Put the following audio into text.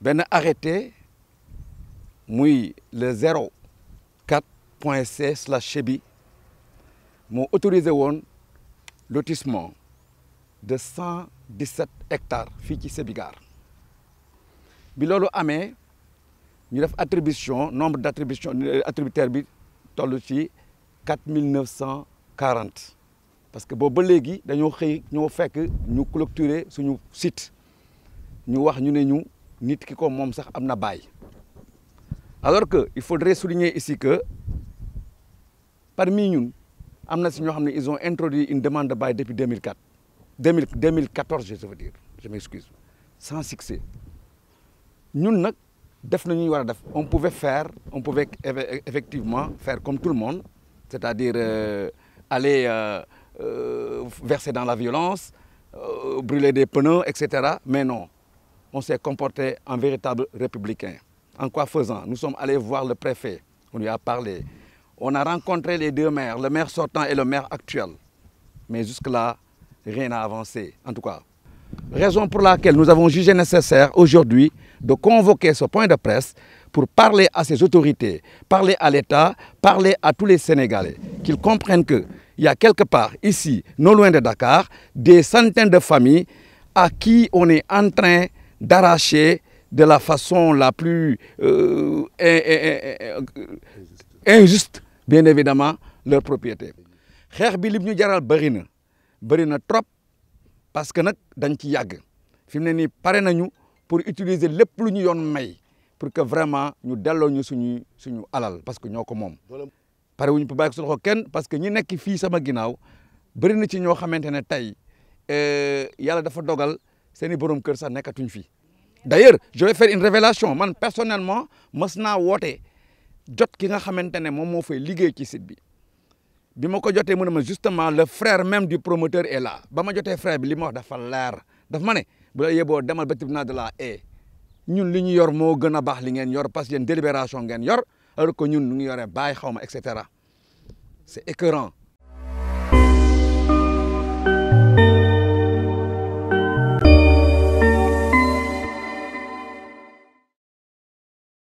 Je arrêté le 0.4.6 slash Chebi autorisé lotissement de 117 hectares fi ci sebigar bi amé ñu def attribution nombre d'attribution, euh, attributaire bi 4940 parce que si ba légui nous xey ñoo fekk ñu clôturer site ñu wax nit ki ko sax amna alors que il faudrait souligner ici que parmi nous, amna ils ont introduit une demande de bail depuis 2004 2014 je veux dire je m'excuse sans succès ñun nak def nañu on pouvait faire on pouvait effectivement faire comme tout le monde c'est-à-dire euh, aller euh, euh, verser dans la violence brûler des pneus etc mais non on s'est comporté en véritable républicain. En quoi faisant Nous sommes allés voir le préfet, on lui a parlé. On a rencontré les deux maires, le maire sortant et le maire actuel. Mais jusque-là, rien n'a avancé, en tout cas. Raison pour laquelle nous avons jugé nécessaire aujourd'hui de convoquer ce point de presse pour parler à ces autorités, parler à l'État, parler à tous les Sénégalais, qu'ils comprennent qu'il y a quelque part ici, non loin de Dakar, des centaines de familles à qui on est en train d'arracher de la façon la plus euh, injuste bien évidemment leur propriété xeex bi lim ñu jaral bëri na na trop parce que nak dañ ci yag fimné ni paré nañu pour utiliser lepp lu ñu yoon may pour que vraiment ñu delloo ñu suñu suñu alal parce que ñoo ko moom pare wuñu pour bàyyi ko loxo parce que ñi nekk fi sama ginaaw bëri na ci ño xamantene tay euh yalla dafa dogal c'est i borom keur sax nekatuñ fi d'ailleurs je vais faire une révélation man personnellement mës naa jot ki nga xamantene mom mo fay liggéey ci site bi bima ko joté mëna justement le frère même du promoteur est là bama joté frère bi li ma wax dafa leer daf mané bu la yeboo demal ba tribunal de la et ñun li ñu yor mo gëna a li ngeen yor parce que délibération ngeen yor alors que ñun ñu yoré yoree xawma etc. c'est et écœurant